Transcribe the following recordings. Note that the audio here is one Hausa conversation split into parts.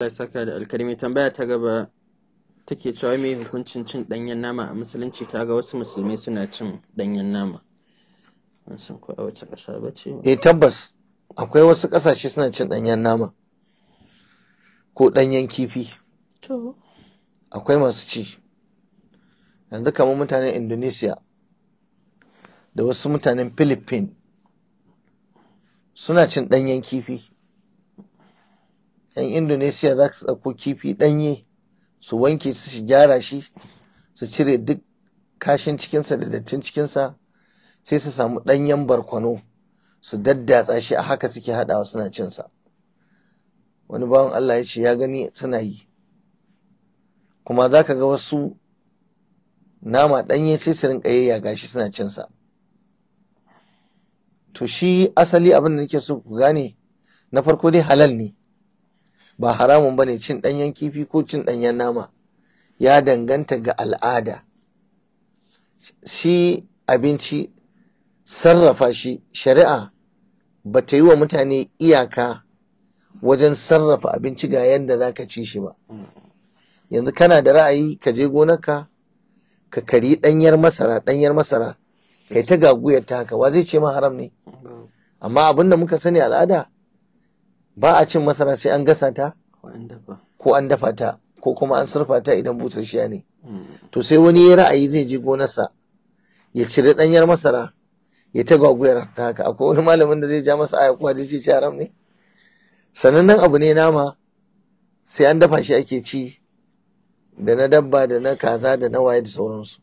Allah saka da alkalmi tambaya ta gaba take cewa mai hukuncin cin danyen nama a musulunci ta ga wasu musulmi suna cin danyen nama. san ko a wace ƙasa ba ce? Eh tabbas akwai wasu ƙasashe suna cin danyen nama ko danyen kifi. To. Akwai masu ci. Yanzu kamar mutanen Indonesia da wasu mutanen Philippines suna cin danyen kifi. 'yan indonesiya za su ɗauko kifi ɗanye su wanke su shi gyara shi su cire duk kashin cikinsa da dattin cikinsa sai su samu ɗanyen barkwano su daddatsa shi a haka suke haɗawa suna cinsa wani bawan Allah ya ce ya gani suna yi kuma za ka ga wasu nama ɗanye sai su rinka yayyaga gashi suna cinsa to shi asali abin da nake so ku gane na farko dai halal ne ba haramun ba ne cin ɗanyen kifi ko cin ɗanyen nama ya danganta ga al'ada shi abinci sarrafa shi shari'a ba ta yi wa mutane iyaka wajen sarrafa abinci ga yadda za ka ci shi ba yanzu kana da ra'ayi ka je gonarka ka kari ɗanyar masara ɗanyar masara kai ta gaguyar ta haka wa zai ce ma haram ne amma abinda muka sani al'ada ba a cin masara sai an gasa ta ko an dafa ta ko kuma an surfa ta idan busasshiya ne hmm. to sai wani ya ra'ayi zai je gonarsa ya cire ɗanyar masara ya ta gwagwayar ta haka akwai wani malamin da zai ja masa aya kuwa da zai ci haram ne sanannen abu ne nama sai an dafa shi ake ci da na dabba da na kaza da na waye da sauransu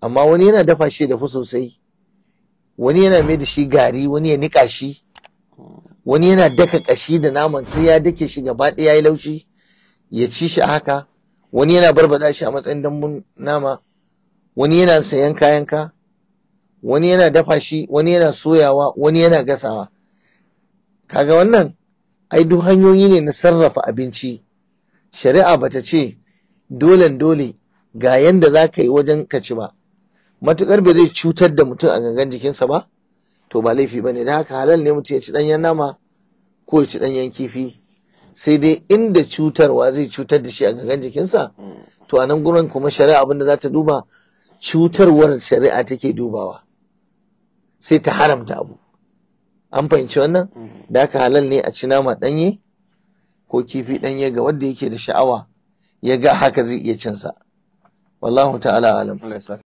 amma wani yana dafa shi da sosai wani yana mai da shi gari wani ya nika shi wani yana daka kashi da naman sai ya dake shi gaba ɗaya yayi laushi ya ci shi haka wani yana barbada shi a matsayin dambun nama wani yana sayan kayan ka wani yana dafa shi wani yana soyawa wani yana gasawa kaga wannan ai duk hanyoyi ne na sarrafa abinci shari'a bata ce dole dole ga yanda za ka yi wajen ka ci ba matukar bai zai cutar da mutum a gangan jikinsa ba to ba laifi ba ne da haka halal ne mutum ya ci ɗanyen nama ko ya ci ɗanyen kifi sai dai inda cutarwa zai cutar da shi a gangan jikinsa to a nan gurin kuma shari'a abin da za ta duba cutarwar shari'a take dubawa sai ta haramta abu an fahimci wannan da aka halal ne a ci nama ɗanye ko kifi ɗanye ga wanda yake da sha'awa ya ga haka zai iya cinsa wallahu ta'ala alam